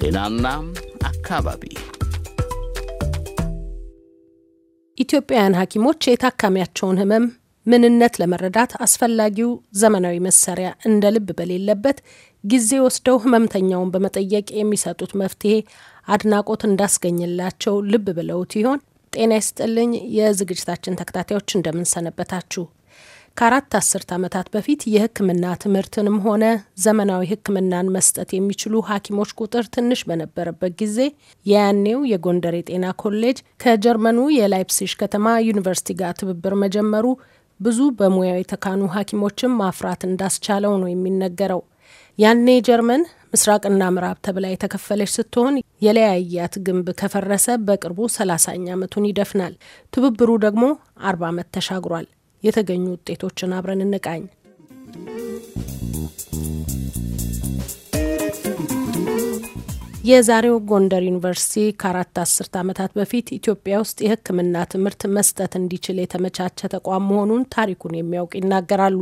ጤናና አካባቢ ኢትዮጵያውያን ሐኪሞች የታካሚያቸውን ህመም ምንነት ለመረዳት አስፈላጊው ዘመናዊ መሳሪያ እንደ ልብ በሌለበት ጊዜ ወስደው ህመምተኛውን በመጠየቅ የሚሰጡት መፍትሄ አድናቆት እንዳስገኝላቸው ልብ ብለውት ይሆን? ጤና ይስጥልኝ። የዝግጅታችን ተከታታዮች እንደምንሰነበታችሁ። ከአራት አስርት ዓመታት በፊት የሕክምና ትምህርትንም ሆነ ዘመናዊ ሕክምናን መስጠት የሚችሉ ሐኪሞች ቁጥር ትንሽ በነበረበት ጊዜ የያኔው የጎንደር የጤና ኮሌጅ ከጀርመኑ የላይፕሲሽ ከተማ ዩኒቨርሲቲ ጋር ትብብር መጀመሩ ብዙ በሙያው የተካኑ ሐኪሞችን ማፍራት እንዳስቻለው ነው የሚነገረው። ያኔ ጀርመን ምስራቅና ምዕራብ ተብላ የተከፈለች ስትሆን የለያያት ግንብ ከፈረሰ በቅርቡ ሰላሳኛ ዓመቱን ይደፍናል። ትብብሩ ደግሞ አርባ ዓመት ተሻግሯል። የተገኙ ውጤቶችን አብረን እንቃኝ። የዛሬው ጎንደር ዩኒቨርሲቲ ከአራት አስርት ዓመታት በፊት ኢትዮጵያ ውስጥ የሕክምና ትምህርት መስጠት እንዲችል የተመቻቸ ተቋም መሆኑን ታሪኩን የሚያውቅ ይናገራሉ።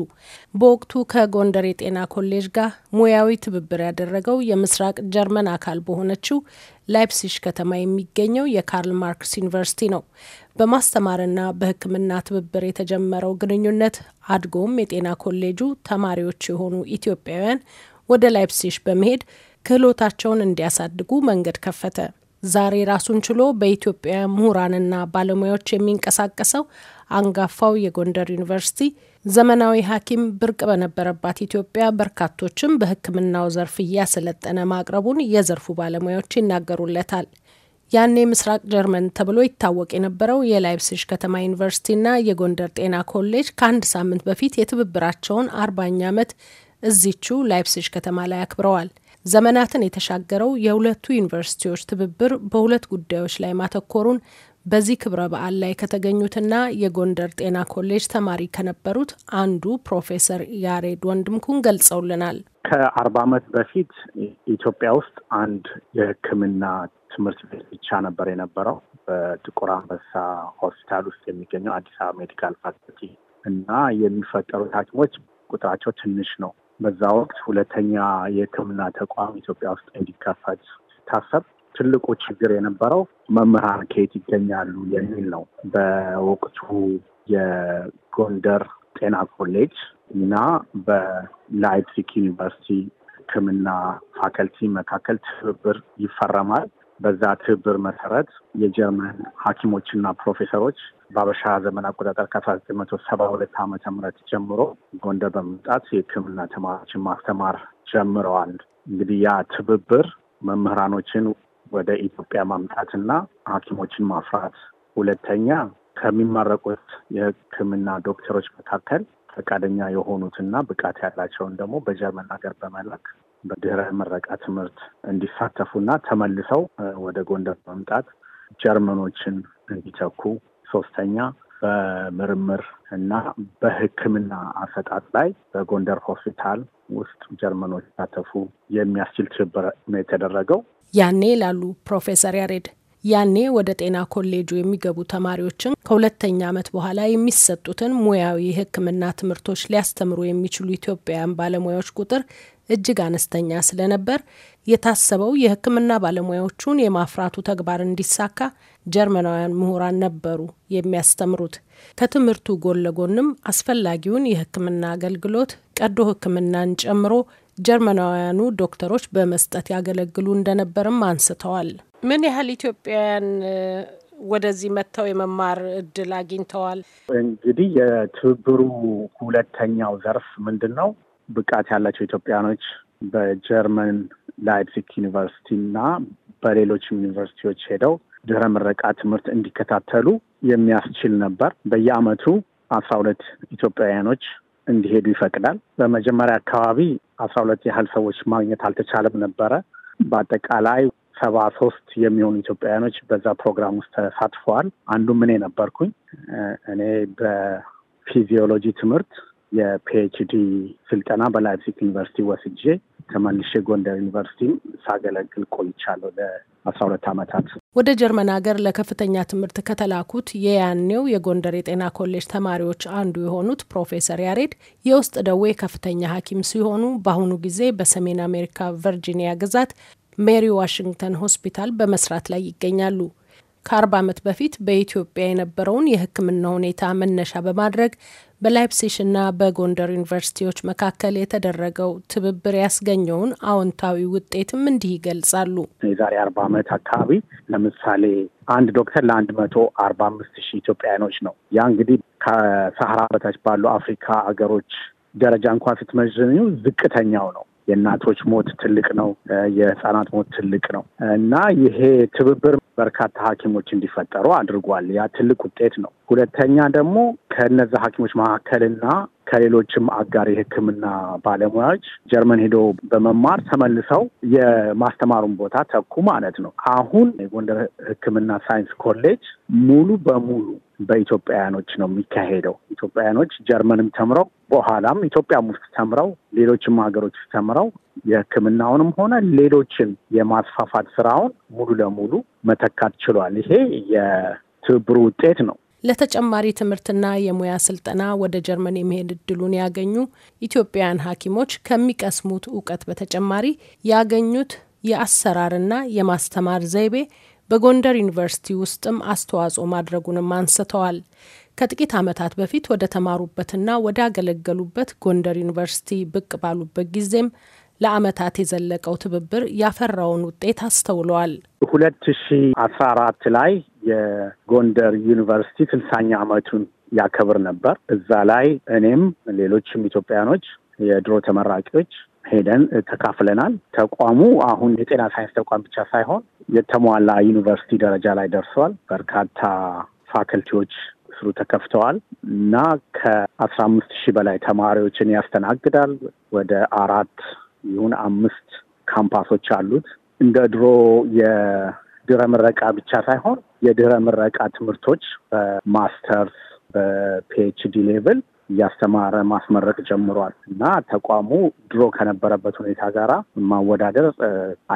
በወቅቱ ከጎንደር የጤና ኮሌጅ ጋር ሙያዊ ትብብር ያደረገው የምስራቅ ጀርመን አካል በሆነችው ላይፕሲሽ ከተማ የሚገኘው የካርል ማርክስ ዩኒቨርሲቲ ነው። በማስተማርና በህክምና ትብብር የተጀመረው ግንኙነት አድጎም የጤና ኮሌጁ ተማሪዎች የሆኑ ኢትዮጵያውያን ወደ ላይፕሲሽ በመሄድ ክህሎታቸውን እንዲያሳድጉ መንገድ ከፈተ። ዛሬ ራሱን ችሎ በኢትዮጵያ ምሁራንና ባለሙያዎች የሚንቀሳቀሰው አንጋፋው የጎንደር ዩኒቨርሲቲ ዘመናዊ ሐኪም ብርቅ በነበረባት ኢትዮጵያ በርካቶችም በሕክምናው ዘርፍ እያሰለጠነ ማቅረቡን የዘርፉ ባለሙያዎች ይናገሩለታል። ያኔ ምስራቅ ጀርመን ተብሎ ይታወቅ የነበረው የላይፕሲሽ ከተማ ዩኒቨርሲቲና የጎንደር ጤና ኮሌጅ ከአንድ ሳምንት በፊት የትብብራቸውን አርባኛ ዓመት እዚቹ ላይፕሲሽ ከተማ ላይ አክብረዋል። ዘመናትን የተሻገረው የሁለቱ ዩኒቨርሲቲዎች ትብብር በሁለት ጉዳዮች ላይ ማተኮሩን በዚህ ክብረ በዓል ላይ ከተገኙትና የጎንደር ጤና ኮሌጅ ተማሪ ከነበሩት አንዱ ፕሮፌሰር ያሬድ ወንድምኩን ገልጸውልናል። ከአርባ ዓመት በፊት ኢትዮጵያ ውስጥ አንድ የሕክምና ትምህርት ቤት ብቻ ነበር የነበረው በጥቁር አንበሳ ሆስፒታል ውስጥ የሚገኘው አዲስ አበባ ሜዲካል ፋክልቲ እና የሚፈጠሩት ሐኪሞች ቁጥራቸው ትንሽ ነው። በዛ ወቅት ሁለተኛ የሕክምና ተቋም ኢትዮጵያ ውስጥ እንዲከፈት ሲታሰብ ትልቁ ችግር የነበረው መምህራን ከየት ይገኛሉ የሚል ነው። በወቅቱ የጎንደር ጤና ኮሌጅ እና በላይፕዚግ ዩኒቨርሲቲ ሕክምና ፋከልቲ መካከል ትብብር ይፈረማል። በዛ ትብብር መሰረት የጀርመን ሐኪሞችና ፕሮፌሰሮች በአበሻ ዘመን አቆጣጠር ከአስራ ዘጠኝ መቶ ሰባ ሁለት ዓመተ ምህረት ጀምሮ ጎንደር በመምጣት የሕክምና ተማሪዎችን ማስተማር ጀምረዋል። እንግዲህ ያ ትብብር መምህራኖችን ወደ ኢትዮጵያ ማምጣትና ሐኪሞችን ማፍራት ሁለተኛ ከሚመረቁት የሕክምና ዶክተሮች መካከል ፈቃደኛ የሆኑትና ብቃት ያላቸውን ደግሞ በጀርመን ሀገር በመላክ በድህረ ምረቃ ትምህርት እንዲሳተፉና ተመልሰው ወደ ጎንደር በመምጣት ጀርመኖችን እንዲተኩ፣ ሶስተኛ በምርምር እና በሕክምና አሰጣጥ ላይ በጎንደር ሆስፒታል ውስጥ ጀርመኖች ሳተፉ የሚያስችል ትብብር ነው የተደረገው ያኔ ይላሉ ፕሮፌሰር ያሬድ ያኔ ወደ ጤና ኮሌጁ የሚገቡ ተማሪዎችም ከሁለተኛ ዓመት በኋላ የሚሰጡትን ሙያዊ የሕክምና ትምህርቶች ሊያስተምሩ የሚችሉ ኢትዮጵያውያን ባለሙያዎች ቁጥር እጅግ አነስተኛ ስለነበር የታሰበው የሕክምና ባለሙያዎቹን የማፍራቱ ተግባር እንዲሳካ ጀርመናውያን ምሁራን ነበሩ የሚያስተምሩት። ከትምህርቱ ጎን ለጎንም አስፈላጊውን የሕክምና አገልግሎት ቀዶ ሕክምናን ጨምሮ ጀርመናውያኑ ዶክተሮች በመስጠት ያገለግሉ እንደነበርም አንስተዋል። ምን ያህል ኢትዮጵያውያን ወደዚህ መጥተው የመማር እድል አግኝተዋል? እንግዲህ የትብብሩ ሁለተኛው ዘርፍ ምንድን ነው? ብቃት ያላቸው ኢትዮጵያኖች በጀርመን ላይፕሲክ ዩኒቨርሲቲ እና በሌሎች ዩኒቨርሲቲዎች ሄደው ድህረ ምረቃ ትምህርት እንዲከታተሉ የሚያስችል ነበር። በየአመቱ አስራ ሁለት ኢትዮጵያውያኖች እንዲሄዱ ይፈቅዳል። በመጀመሪያ አካባቢ አስራ ሁለት ያህል ሰዎች ማግኘት አልተቻለም ነበረ። በአጠቃላይ ሰባ ሶስት የሚሆኑ ኢትዮጵያውያኖች በዛ ፕሮግራም ውስጥ ተሳትፈዋል። አንዱም እኔ ነበርኩኝ። እኔ በፊዚዮሎጂ ትምህርት የፒኤችዲ ስልጠና በላይፕሲክ ዩኒቨርሲቲ ወስጄ ተመልሼ ጎንደር ዩኒቨርሲቲም ሳገለግል ቆይቻለሁ ለአስራ ሁለት ዓመታት። ወደ ጀርመን ሀገር ለከፍተኛ ትምህርት ከተላኩት የያኔው የጎንደር የጤና ኮሌጅ ተማሪዎች አንዱ የሆኑት ፕሮፌሰር ያሬድ የውስጥ ደዌ ከፍተኛ ሐኪም ሲሆኑ በአሁኑ ጊዜ በሰሜን አሜሪካ ቨርጂኒያ ግዛት ሜሪ ዋሽንግተን ሆስፒታል በመስራት ላይ ይገኛሉ። ከአርባ ዓመት በፊት በኢትዮጵያ የነበረውን የሕክምና ሁኔታ መነሻ በማድረግ በላይፕሲሽና በጎንደር ዩኒቨርሲቲዎች መካከል የተደረገው ትብብር ያስገኘውን አዎንታዊ ውጤትም እንዲህ ይገልጻሉ። የዛሬ አርባ ዓመት አካባቢ ለምሳሌ አንድ ዶክተር ለአንድ መቶ አርባ አምስት ሺህ ኢትዮጵያውያኖች ነው። ያ እንግዲህ ከሰሐራ በታች ባሉ አፍሪካ አገሮች ደረጃ እንኳን ስትመዝኙ ዝቅተኛው ነው። የእናቶች ሞት ትልቅ ነው፣ የህፃናት ሞት ትልቅ ነው እና ይሄ ትብብር በርካታ ሐኪሞች እንዲፈጠሩ አድርጓል። ያ ትልቅ ውጤት ነው። ሁለተኛ ደግሞ ከነዛ ሐኪሞች መካከልና ከሌሎችም አጋር የሕክምና ባለሙያዎች ጀርመን ሄዶ በመማር ተመልሰው የማስተማሩን ቦታ ተኩ ማለት ነው። አሁን የጎንደር ሕክምና ሳይንስ ኮሌጅ ሙሉ በሙሉ በኢትዮጵያውያኖች ነው የሚካሄደው። ኢትዮጵያውያኖች ጀርመንም ተምረው በኋላም ኢትዮጵያም ውስጥ ተምረው ሌሎችም ሀገሮች ተምረው የህክምናውንም ሆነ ሌሎችን የማስፋፋት ስራውን ሙሉ ለሙሉ መተካት ችሏል። ይሄ የትብብሩ ውጤት ነው። ለተጨማሪ ትምህርትና የሙያ ስልጠና ወደ ጀርመን የመሄድ እድሉን ያገኙ ኢትዮጵያውያን ሐኪሞች ከሚቀስሙት እውቀት በተጨማሪ ያገኙት የአሰራርና የማስተማር ዘይቤ በጎንደር ዩኒቨርሲቲ ውስጥም አስተዋጽኦ ማድረጉንም አንስተዋል። ከጥቂት ዓመታት በፊት ወደ ተማሩበትና ወደ አገለገሉበት ጎንደር ዩኒቨርሲቲ ብቅ ባሉበት ጊዜም ለአመታት የዘለቀው ትብብር ያፈራውን ውጤት አስተውለዋል። ሁለት ሺ አስራ አራት ላይ የጎንደር ዩኒቨርሲቲ ስልሳኛ ዓመቱን ያከብር ነበር። እዛ ላይ እኔም ሌሎችም ኢትዮጵያኖች የድሮ ተመራቂዎች ሄደን ተካፍለናል። ተቋሙ አሁን የጤና ሳይንስ ተቋም ብቻ ሳይሆን የተሟላ ዩኒቨርሲቲ ደረጃ ላይ ደርሷል። በርካታ ፋክልቲዎች ስሩ ተከፍተዋል እና ከአስራ አምስት ሺህ በላይ ተማሪዎችን ያስተናግዳል። ወደ አራት ይሁን አምስት ካምፓሶች አሉት። እንደ ድሮ የድረ ምረቃ ብቻ ሳይሆን የድህረ ምረቃ ትምህርቶች በማስተርስ በፒኤችዲ ሌቭል እያስተማረ ማስመረቅ ጀምሯል እና ተቋሙ ድሮ ከነበረበት ሁኔታ ጋራ ማወዳደር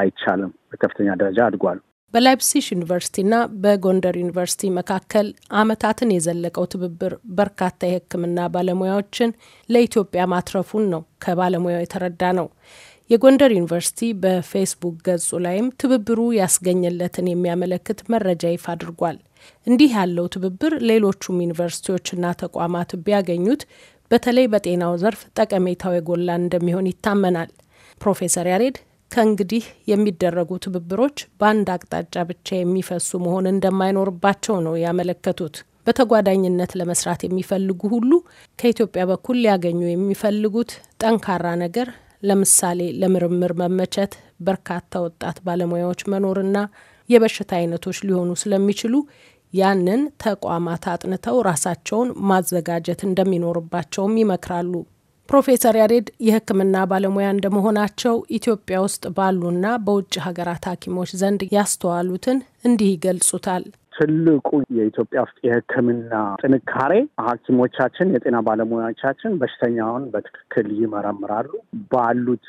አይቻልም። በከፍተኛ ደረጃ አድጓል። በላይፕሲሽ ዩኒቨርሲቲና በጎንደር ዩኒቨርሲቲ መካከል ዓመታትን የዘለቀው ትብብር በርካታ የሕክምና ባለሙያዎችን ለኢትዮጵያ ማትረፉን ነው ከባለሙያው የተረዳ ነው። የጎንደር ዩኒቨርሲቲ በፌስቡክ ገጹ ላይም ትብብሩ ያስገኘለትን የሚያመለክት መረጃ ይፋ አድርጓል። እንዲህ ያለው ትብብር ሌሎቹም ዩኒቨርሲቲዎችና ተቋማት ቢያገኙት በተለይ በጤናው ዘርፍ ጠቀሜታው የጎላ እንደሚሆን ይታመናል። ፕሮፌሰር ያሬድ ከእንግዲህ የሚደረጉ ትብብሮች በአንድ አቅጣጫ ብቻ የሚፈሱ መሆን እንደማይኖርባቸው ነው ያመለከቱት። በተጓዳኝነት ለመስራት የሚፈልጉ ሁሉ ከኢትዮጵያ በኩል ሊያገኙ የሚፈልጉት ጠንካራ ነገር ለምሳሌ ለምርምር መመቸት በርካታ ወጣት ባለሙያዎች መኖርና የበሽታ አይነቶች ሊሆኑ ስለሚችሉ ያንን ተቋማት አጥንተው ራሳቸውን ማዘጋጀት እንደሚኖርባቸውም ይመክራሉ። ፕሮፌሰር ያሬድ የሕክምና ባለሙያ እንደመሆናቸው ኢትዮጵያ ውስጥ ባሉና በውጭ ሀገራት ሐኪሞች ዘንድ ያስተዋሉትን እንዲህ ይገልጹታል። ትልቁ የኢትዮጵያ ውስጥ የሕክምና ጥንካሬ ሐኪሞቻችን የጤና ባለሙያዎቻችን በሽተኛውን በትክክል ይመረምራሉ ባሉት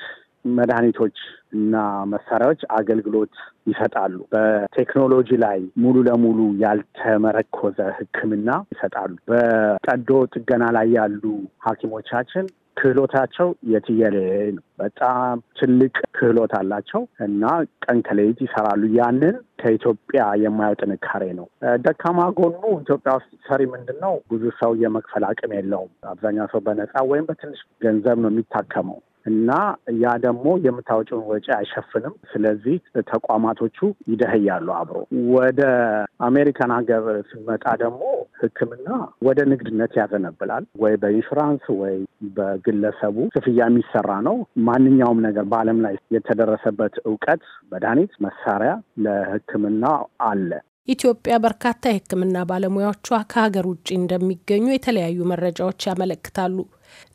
መድኃኒቶች እና መሳሪያዎች አገልግሎት ይሰጣሉ። በቴክኖሎጂ ላይ ሙሉ ለሙሉ ያልተመረኮዘ ህክምና ይሰጣሉ። በቀዶ ጥገና ላይ ያሉ ሐኪሞቻችን ክህሎታቸው የትየሌ ነው። በጣም ትልቅ ክህሎት አላቸው እና ቀን ከሌሊት ይሰራሉ። ያንን ከኢትዮጵያ የማየው ጥንካሬ ነው። ደካማ ጎኑ ኢትዮጵያ ውስጥ ሰሪ ምንድን ነው ብዙ ሰው የመክፈል አቅም የለውም። አብዛኛው ሰው በነፃ ወይም በትንሽ ገንዘብ ነው የሚታከመው። እና ያ ደግሞ የምታወጪውን ወጪ አይሸፍንም። ስለዚህ ተቋማቶቹ ይደህያሉ አብሮ። ወደ አሜሪካን ሀገር ስመጣ ደግሞ ሕክምና ወደ ንግድነት ያዘነብላል። ወይ በኢንሹራንስ ወይ በግለሰቡ ክፍያ የሚሰራ ነው። ማንኛውም ነገር በዓለም ላይ የተደረሰበት እውቀት፣ መድኃኒት፣ መሳሪያ ለሕክምና አለ። ኢትዮጵያ በርካታ የህክምና ባለሙያዎቿ ከሀገር ውጭ እንደሚገኙ የተለያዩ መረጃዎች ያመለክታሉ።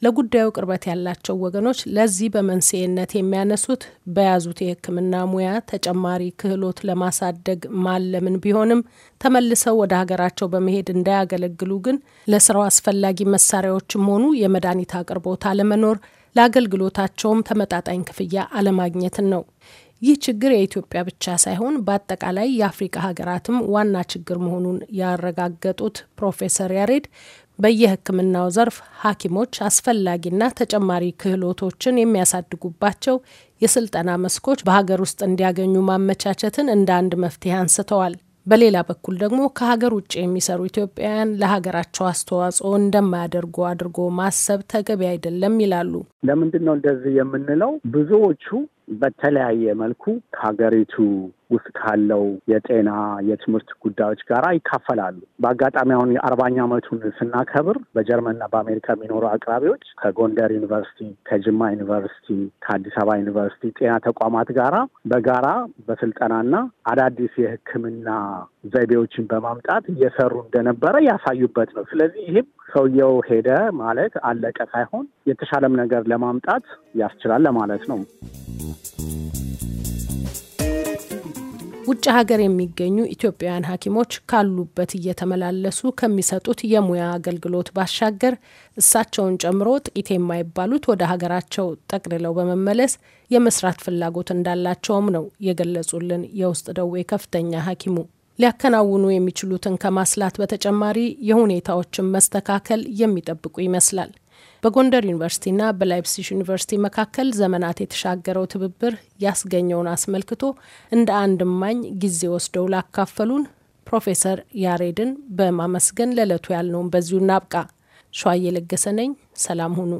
ለጉዳዩ ቅርበት ያላቸው ወገኖች ለዚህ በመንስኤነት የሚያነሱት በያዙት የሕክምና ሙያ ተጨማሪ ክህሎት ለማሳደግ ማለምን ቢሆንም ተመልሰው ወደ ሀገራቸው በመሄድ እንዳያገለግሉ ግን ለስራው አስፈላጊ መሳሪያዎችም ሆኑ የመድኃኒት አቅርቦት አለመኖር፣ ለአገልግሎታቸውም ተመጣጣኝ ክፍያ አለማግኘትን ነው። ይህ ችግር የኢትዮጵያ ብቻ ሳይሆን በአጠቃላይ የአፍሪካ ሀገራትም ዋና ችግር መሆኑን ያረጋገጡት ፕሮፌሰር ያሬድ በየህክምናው ዘርፍ ሐኪሞች አስፈላጊና ተጨማሪ ክህሎቶችን የሚያሳድጉባቸው የስልጠና መስኮች በሀገር ውስጥ እንዲያገኙ ማመቻቸትን እንደ አንድ መፍትሄ አንስተዋል። በሌላ በኩል ደግሞ ከሀገር ውጭ የሚሰሩ ኢትዮጵያውያን ለሀገራቸው አስተዋጽኦ እንደማያደርጉ አድርጎ ማሰብ ተገቢ አይደለም ይላሉ። ለምንድን ነው እንደዚህ የምንለው? ብዙዎቹ በተለያየ መልኩ ከሀገሪቱ ውስጥ ካለው የጤና የትምህርት ጉዳዮች ጋር ይካፈላሉ። በአጋጣሚ አሁን የአርባኛ ዓመቱን ስናከብር በጀርመንና በአሜሪካ የሚኖሩ አቅራቢዎች ከጎንደር ዩኒቨርሲቲ፣ ከጅማ ዩኒቨርሲቲ፣ ከአዲስ አበባ ዩኒቨርሲቲ ጤና ተቋማት ጋራ በጋራ በስልጠናና አዳዲስ የሕክምና ዘይቤዎችን በማምጣት እየሰሩ እንደነበረ ያሳዩበት ነው። ስለዚህ ይህም ሰውየው ሄደ ማለት አለቀ ሳይሆን የተሻለም ነገር ለማምጣት ያስችላል ለማለት ነው። ውጭ ሀገር የሚገኙ ኢትዮጵያውያን ሐኪሞች ካሉበት እየተመላለሱ ከሚሰጡት የሙያ አገልግሎት ባሻገር እሳቸውን ጨምሮ ጥቂት የማይባሉት ወደ ሀገራቸው ጠቅልለው በመመለስ የመስራት ፍላጎት እንዳላቸውም ነው የገለጹልን የውስጥ ደዌ ከፍተኛ ሐኪሙ። ሊያከናውኑ የሚችሉትን ከማስላት በተጨማሪ የሁኔታዎችን መስተካከል የሚጠብቁ ይመስላል። በጎንደር ዩኒቨርሲቲና በላይፕሲሽ ዩኒቨርሲቲ መካከል ዘመናት የተሻገረው ትብብር ያስገኘውን አስመልክቶ እንደ አንድ እማኝ ጊዜ ወስደው ላካፈሉን ፕሮፌሰር ያሬድን በማመስገን ለዕለቱ ያልነውን በዚሁ እናብቃ። ሸዋዬ ለገሰ ነኝ። ሰላም ሁኑ።